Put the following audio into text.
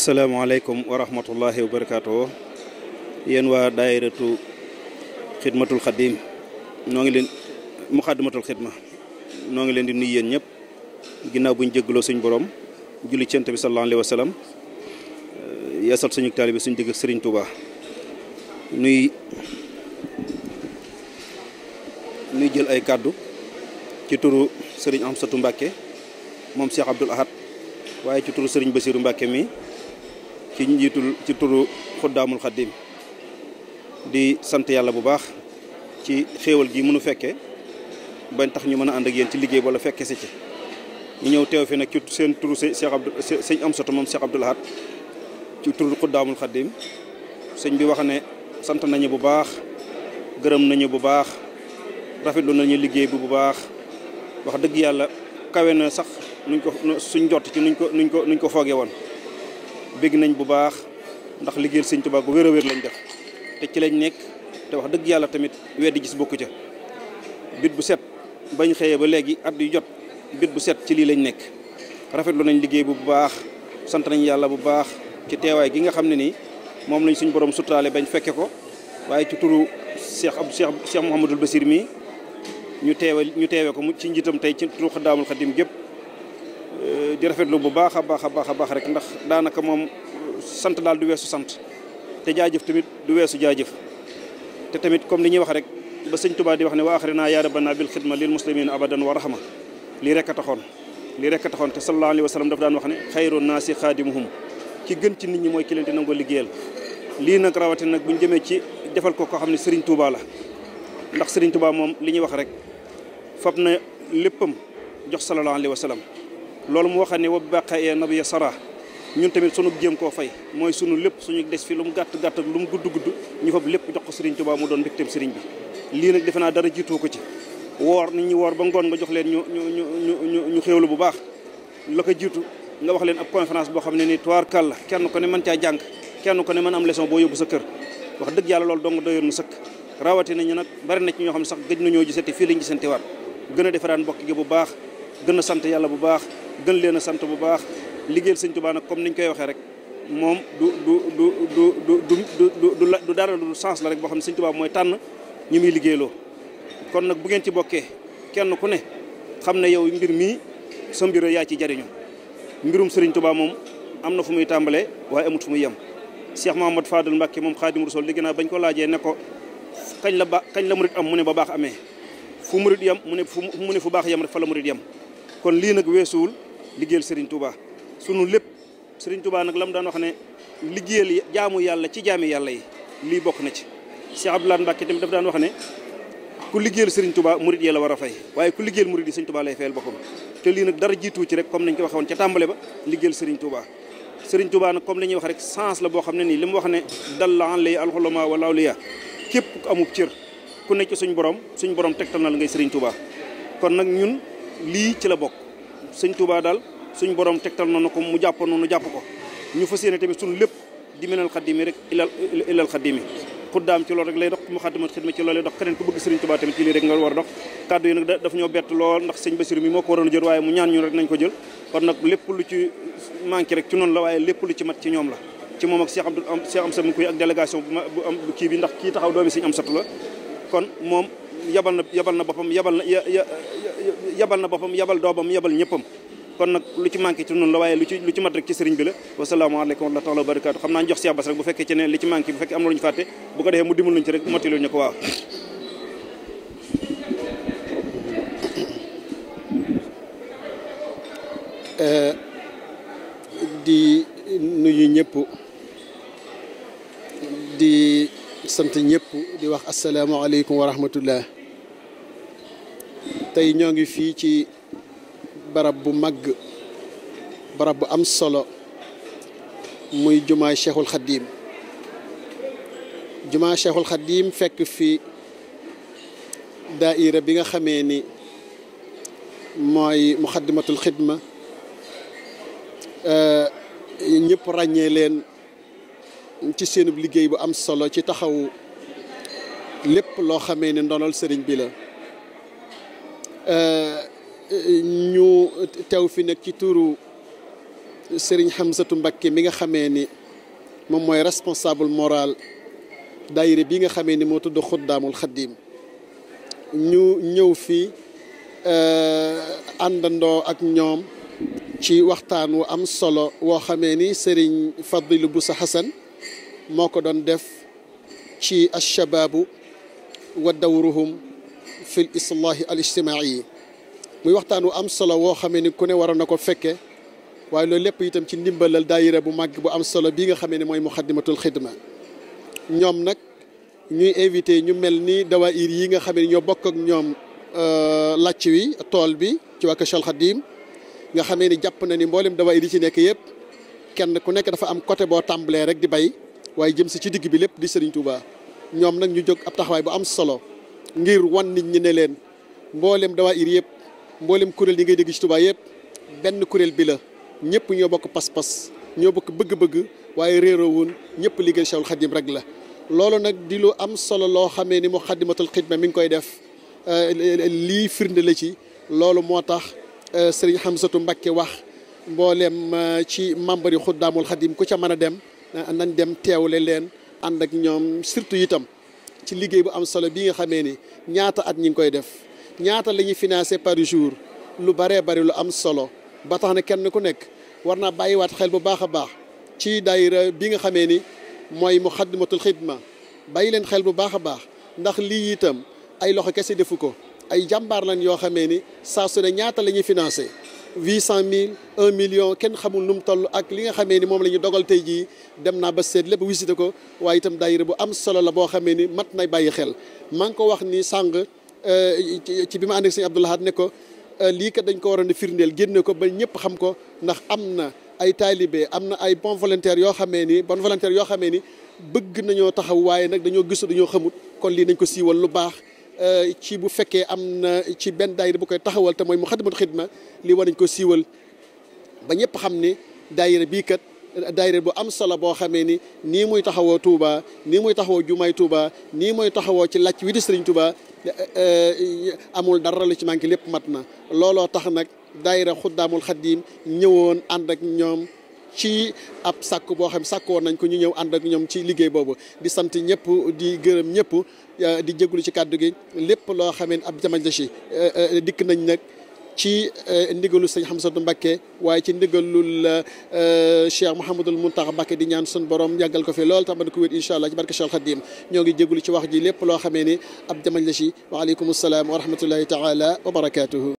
asalaamaaleykum wa rahmatullahi wa barakaatu yéen waa daayiratu xidmatul xadim noo ngi leen muxaddimatul xidma noo ngi leen di nuy yéen ñëpp ginnaaw bu ñu jéggaloo suñ borom julli cent bi sallallahu alayhi wa sallam eh, suñu taalibe suñu digg Sëriñ Tuubaa nuy nuy jël ay kàddu ci turu Sëriñ Amsatu Mbàkke moom Cheikh Abdoul Ahad waaye ci turu Sëriñ Basiru Mbàkke mi ci njiitul ci turu xuddaamul xaddim di sant yàlla bu baax ci xéewal gi mënu fekke bañ tax ñu mën a ànd ak yéen ci liggéey wala fekke si ci ñu ñëw teew fi nag ci seen turu Cheikh am soto moom Cheikh Abdou Lahad ci turu xuddaamul xaddim sëñ bi wax ne sant nañu bu baax gërëm nañu bu baax rafetlu nañu liggéey bi bu baax wax dëgg yàlla kawe na sax nuñ ko suñ jot ci nuñ ko nuñ ko nuñ ko foogee woon bégg nañ bu baax ndax liggéeyal sëñ Tuubaa gu wér a wér lañ def te ci lañ nekk te wax dëgg yàlla tamit weddi gis bokk ca bit bu set bañ xëyee ba léegi at jot bit bu set ci lii lañ nekk rafetlu nañ liggéey bu baax sant nañ yàlla bu baax ci teewaay gi nga xam ne nii moom lañ suñ borom suturaale bañ fekkee ko waaye ci turu Cheikh Abdou Cheikh Cheikh Mouhamadul Basir mii ñu teewe ñu teewee ko mu ci njiitam tey ci turu Xadaamul Xadim gépp di rafetlu bu baax a baax a baax a baax rek ndax daanaka moom sant daal du weesu sant te jaajëf tamit du weesu jaajëf te tamit comme li ñuy wax rek ba sëñ Tuubaa di wax ne wa axrina yaa rabbana bil xidma lil muslimin abadan wa rahma lii rek a taxoon lii rek a taxoon te sallallahu alayhi wa sallam dafa daan wax ne xayru naasi xaadimuhum ki gën ci nit ñi mooy ki leen di nangoo lii nag rawatina nag bu ñu jëmee ci defal ko koo xam ne Serigne Touba la ndax Serigne Touba moom li ñuy wax rek fab na léppam jox sallallahu alayhi wa sallam loolu mu waxoon ne wa baqaaya nabiya sara ñun tamit suñu jéem koo fay mooy sunu lépp suñu des fi lu mu gàtt gàtt lu mu gudd gudd ñu fab lépp jox ko Serigne Touba mu doon mbégteem Serigne bi lii nag defe naa dara jiitu ko ci woor nit ñu woor ba ngoon nga jox leen ñu ñu ñu ñu ñu xéewlu bu baax la ko jiitu nga wax leen ab conférence boo xam ne ni toir kal kenn ko ne mën caa jàng kenn ko ne mën am leçon boo yóbbu sa kër wax dëgg yàlla loolu dong doyoon na sëkk rawati nañu nag ñoo xam ne sax gëj nañoo gisante fii lañ gisantewaat gën a defaraan mbokk gi bu baax gën sant yàlla bu baax gën leen a sant bu baax liggéeyal sëñ Tuubaa nag comme niñ koy waxee rek moom du du du du du du du du dara du sens la rek boo xam ne sëñ Tuubaa mooy tànn ñu muy liggéeyloo kon nag bu ngeen ci bokkee kenn ku ne xam ne yow mbir mii sa mbir yaa ci jariñu mbirum sëriñ Tuubaa moom am na fu muy tàmbalee waaye amut fu muy yem Cheikh Mouhamad Fadel Mbacke moom Xaadimu Rasuul dégg naa bañ ko laajee ne ko kañ la ba kañ la murit am mu ne ba baax amee fu murit yem mu ne fu mu ne fu baax yem rek fa la murit yem kon liggéeyal Serigne Touba sunu lépp Serigne Touba nag la mu daan wax ne liggéeyal jaamu yàlla ci jaami yàlla yi lii bokk na ci. Cheikh Abdoulaye Mbacke tamit daf daan wax ne ku liggéeyal Serigne Touba murid yi la war a fay waaye ku liggéeyal murid yi Serigne Touba lay fayal boppam te lii nag dara jiitu ci rek comme nañ ko waxee ca tàmbale ba liggéeyal Serigne Touba. Serigne Touba nag comme li ñuy wax rek sens la boo xam ne nii li mu wax ne dal la an lay alxulama wala awliya képp ku cër ku nekk suñ borom suñ borom tegtal na la ngay Serigne Touba kon nag ñun lii ci la bokk. sëñ Touba daal suñ borom tegtal na ko mu jàpp noonu jàpp ko ñu fas yéene tamit suñu lépp di menal xaddimi rek ilal ilal xaddimi xuddaam ci loolu ci loolu rek nga a dox kàddu yi nag daf ñoo bett lool ndax sëñ Basiru mi moo ko waroon a jël waaye mu ñaan ñu rek nañ ko jël kon nag lépp lu ci manqué rek ci noonu la waaye lépp lu ci mat ci ñoom la ci moom ak Cheikh Abdou Cheikh Amsa mu koy ak délégation bu kii bi ndax kii taxaw doomi sëñ Amsatu la kon moom yabal na yabal na boppam yabal na yabal na boppam yabal doomam yabal ñëppam kon nag lu ci manqué ci noonu la waaye lu ci lu ci mat rek ci sëriñ bi la wasalaamaaleykum wa rahmatulah wa barakaatu xam naa jox si abbas rek bu fekkee ci ne li ci manqué bu fekkee am na lu ñu fàtte bu ko defee mu dimbaluñ ci rek mottali ñu ko waaw euh, di nuyu ñëpp di sant ñépp di wax asalaamaaleykum wa rahmatullah tey ñoo ngi fii ci barab bu màgg barab bu am solo muy jumaa cheikhul xaddiim jumaa cheikhul xaddiim fekk fi daaira bi nga xamee ni mooy muxaddimatul xidma ñépp ràññee leen ci seenub liggéey bu am solo ci taxawu lépp loo xamee ne ndonol sëriñ bi la eh, ñu tew fi nag ci tuuru sëriñ Hamsatu Mbakke mi nga xamee ni moom mooy responsable moral daayira bi nga xamee ni moo tudd Xuddaamul Xaddiim ñu ñëw fi eh, àndandoo ak ñoom ci waxtaan wu am solo woo xamee ni sëriñ bu Busa Xasan moo ko doon def ci alshabaabu wa dawruhum fi l islaahi al ijtimaayi muy waxtaan wu am solo woo xamee ni ku ne waroon na ko fekke waaye loolu lépp itam ci ndimbalal daayira bu màgg bu am solo bii nga xamee ne mooy muxaddamatul xidma ñoom nag ñuy invité ñu mel ni dawaayir yi nga xamee ni ñoo bokk ak ñoom euh, làcc wi tool bi ci waa Kër Xadim nga xamee ni jàpp na ni mboolem dawaayir yi ci nekk yëpp kenn ku nekk dafa am côté boo tàmbalee rek di bay waaye jëm si ci digg bi lépp di Serigne Touba ñoom nag ñu jóg ab taxawaay bu am solo ngir wan nit ñi ne leen mboolem dawaayir yëpp mboolem kuréel yi ngay dégg ci Touba yëpp benn kuréel bi la ñëpp ñoo bokk pas-pas ñoo bokk bëgg-bëgg waaye réeroo woon ñëpp liggéey Cheikhul Khadim rek la. loolu nag di lu am solo loo xamee ni mu xaddimatul xidma mi ngi koy def euh, lii firnde la ci loolu moo tax euh, Serigne Hamsatou Mbacké wax mbooleem euh, ci membre yi xuddaamul xadim ku ca mën a dem. Eh, nañ dem teewle leen ànd ak ñoom surtout itam ci liggéey bu am solo bi nga xamee ni ñaata at ñi ngi koy def ñaata la ñuy financé par jour lu baree bari lu am solo ba tax na kenn ku nekk war naa bàyyiwaat xel bu baax a baax ci daayira bi nga xamee ni mooy mu Muxaddamatul Xidma bàyyi leen xel bu baax a baax ndax lii itam ay loxo kese defu ko ay jàmbaar lañ yoo xamee ni saa su ne ñaata la ñuy financé huit cent mille un million kenn xamul nu mu toll ak li nga xamee ni moom la ñu dogal tey jii dem naa ba seet lépp visité ko waaye itam daayira bu am solo la boo xamee ni mat nay bàyyi xel maa ngi ko wax ni sàng euh, ci bi ma ànd ak sëñ Abdou ne ko euh, lii kat dañ ko waroon a firndeel génne ko ba ñëpp xam ko ndax am na ay taalibe am na ay bon volontaire yoo xamee ni bon volontaire yoo xamee ni bëgg nañoo taxaw waaye nag dañoo gisu dañoo xamut kon lii nañ ko siiwal lu baax Euh, ci bu fekkee am na ci benn daayira bu koy taxawal te mooy Muxaddamatul Xidma li war nañ ko siiwal ba ñëpp xam ni daayira bii kat daayira bu am solo boo xamee ni nii muy taxawoo Touba nii muy taxawoo Jumaay Touba nii muy taxawoo ci làcc wi di Sëriñ euh, euh, amul dara lu ci manqué lépp mat na looloo tax nag daayira Xuddaamul Xaddiim ñëwoon ànd ak ñoom. ci ab sàkk boo xam sàkk woon nañ ko ñu ñëw ànd ak ñoom ci liggéey boobu di sant ñëpp di gërëm ñëpp di jéglu ci kàddu gi lépp loo xamee ab jamañ la si dikk nañ nag ci eh, ndigalu sëñ Hamsatu Mbakke waaye ci ndigalul eh, Cheikh Mouhamadul Mountakha Mbakke di ñaan sun borom yàggal ko fi lool tax man ko wéet incha allah ci barke Cheikh Khadim ñoo ngi jéglu ci wax ji lépp loo xamee ni ab jamañ la si waaleykum salaam wa rahmatullahi taala wa barakaatuhu